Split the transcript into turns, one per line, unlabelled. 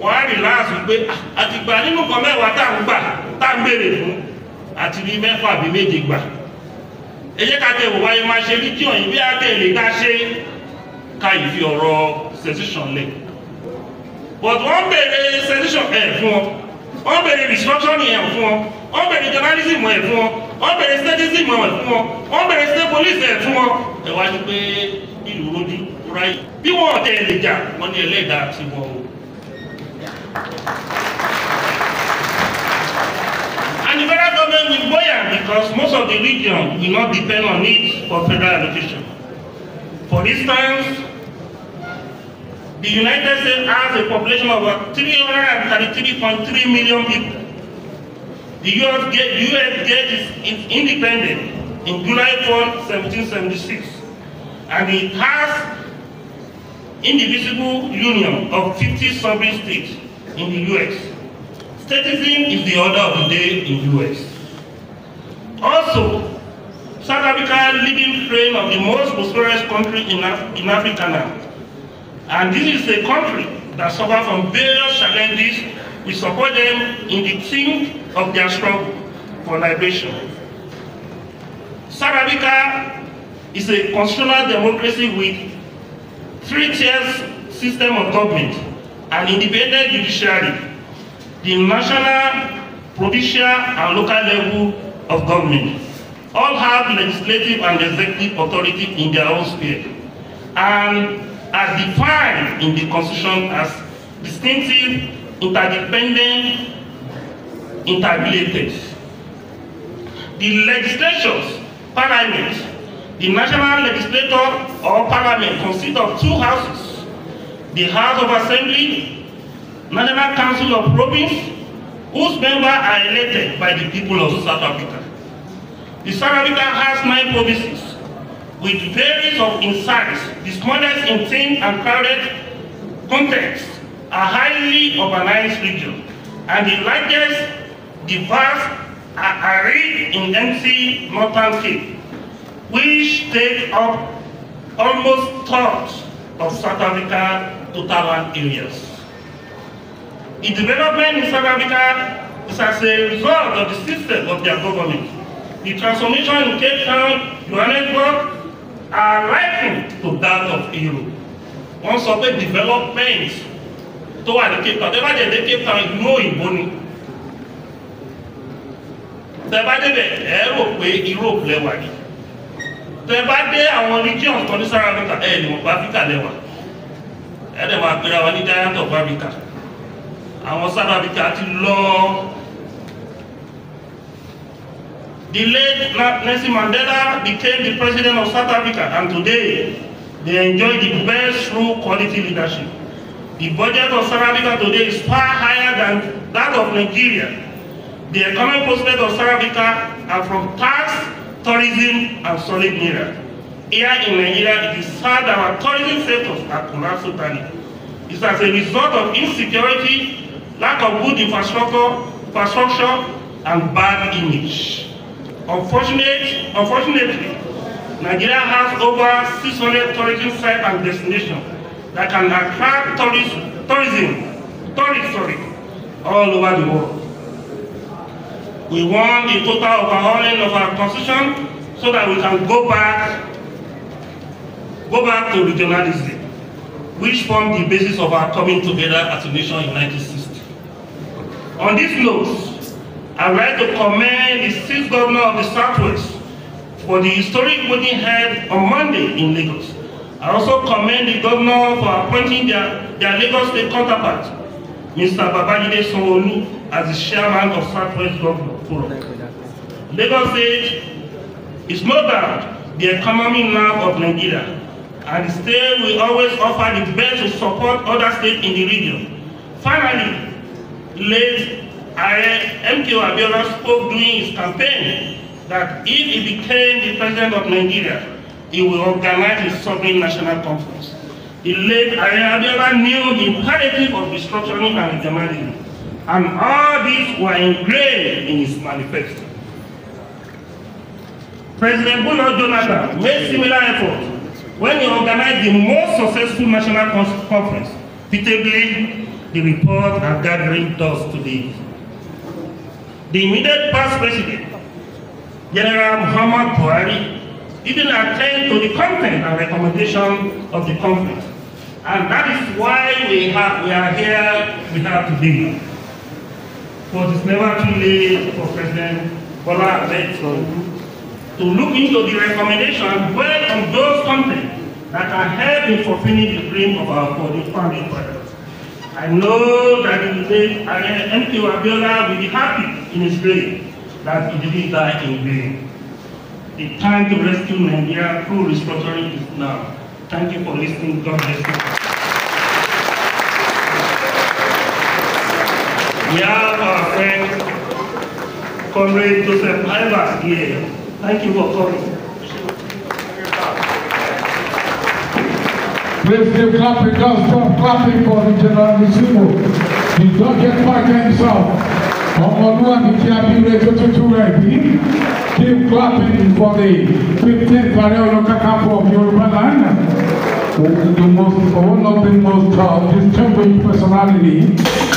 wọ́n á rìn láàsùn pé ah, àtìgbà nínú kan mẹ́wàá tá à ń gbà tá à ń béèrè fún àti rí mẹ́fà àbí méje gbà ẹ jẹ́ ká tẹ̀ wò wáyé máa ṣe rídíò yìí bí àtẹ̀lé ká ṣe ká ìfi ọ̀rọ̀ secession lẹ̀ but wọ́n béèrè secession ẹ̀ fún ọ wọ́n béèrè restructuring ẹ̀ fún ọ wọ́n béèrè journalism ẹ̀ fún ọ wọ́n béèrè statism ẹ̀ fún ọ wọ́n béèrè state police ẹ̀ fún ọ ẹ̀ wá ní pé ìlú rodi ráyè bí wọ́n tẹ̀ And the federal government will buoyant because most of the region will not depend on it for federal allocation. For instance, the United States has a population of about 333.3 million people. The US gave, US get its, its independence in July 4, 1776, and it has indivisible union of 50 sovereign states in the US. Statism is the order of the day in the US. Also, South Africa leading frame of the most prosperous country in, Af in Africa now. And this is a country that suffer from various challenges. We support them in the think of their struggle for liberation. South Africa is a constitutional democracy with three tiers system of government an independent judiciary, the national, provincial, and local level of government all have legislative and executive authority in their own sphere and are defined in the Constitution as distinctive, interdependent, interrelated. The legislatures, parliament, the national legislator or parliament consists of two houses the House of Assembly, National Council of Province, whose members are elected by the people of South Africa. The South Africa has nine provinces with various of insights, the smallest in thin and crowded context, a highly urbanized region, and the largest, the vast, are in MC Northern Cape, which take up almost thirds of South Africa to urban areas. In development in South Africa is as a result of the system of their government. The transformation in Cape Town, Johannesburg are likened to that of Europe. Once of the development tó wà Cape Town, they bá jẹ́ Cape Town ìlú òyìnbó ni. Tẹ́ bá débẹ̀ ẹ Europe pé Europe lẹ́wà ni. Tẹ́ bá dé àwọn regions kan ní South Africa ẹ̀ ní wọ́n pa ẹ̀ẹ́dẹ̀ máa gbéra wa ní giant of Africa àwọn South Africa ti lọ the late Nelson Mandela became the president of South Africa and today they enjoy the best true quality leadership the budget of South Africa today is far higher than that of Nigeria the economic prospects of South Africa are from tax tourism and solid minerals here in Nigeria, it is sad our tourism sectors are collapsing totally. It's as a result of insecurity, lack of good infrastructure, infrastructure and bad image. Unfortunately, unfortunately, Nigeria has over 600 tourism sites and destinations that can attract tourist, tourism, tourist, sorry, all over the world. We want the total overhauling of our constitution so that we can go back Go back to regionalism, which formed the basis of our coming together as a nation in 1960. On this note, I would like to commend the sixth governor of the Southwest for the historic meeting held on Monday in Lagos. I also commend the governor for appointing their, their Lagos state counterpart, Mr. Babajide sanwo as the chairman of Southwest Government Forum. Lagos State is more than the economic nerve of Nigeria and stay will always offer the best to support other states in the region. Finally, late MK Abiola spoke during his campaign that if he became the president of Nigeria, he will organize a sovereign national conference. The late Abiola knew the imperative of restructuring and regionalism, and all these were engraved in his manifesto. President Bola Jonathan made similar efforts when he organized the most successful national conference, pitiably, the report and gathering dust to the The immediate past president, General Muhammad Buhari, didn't attend to the content and recommendation of the conference. And that is why we, have, we are here, we have today. But it's never too late for President Bola Ahmed to look into the recommendation where on those companies that are help in fulfilling the dream of our founding fathers. I know that in the day, M.K. Wabiola will be happy in his grave that he didn't die in vain. The time to rescue Nigeria through restructuring is now. Thank you for listening. God bless you. We have our friend, Comrade Joseph Ivers here. Thank you, authority. Please keep clapping, don't stop clapping for the General Nisimu. He don't get back himself. On one Ọmọlúwàbí tí a bí ready tó do rẹ̀ Keep clapping for the 15th Ààrẹ Ọ̀nà Kakanfò of Yorùbá land. The most, one of the most uh, distinguished personalities.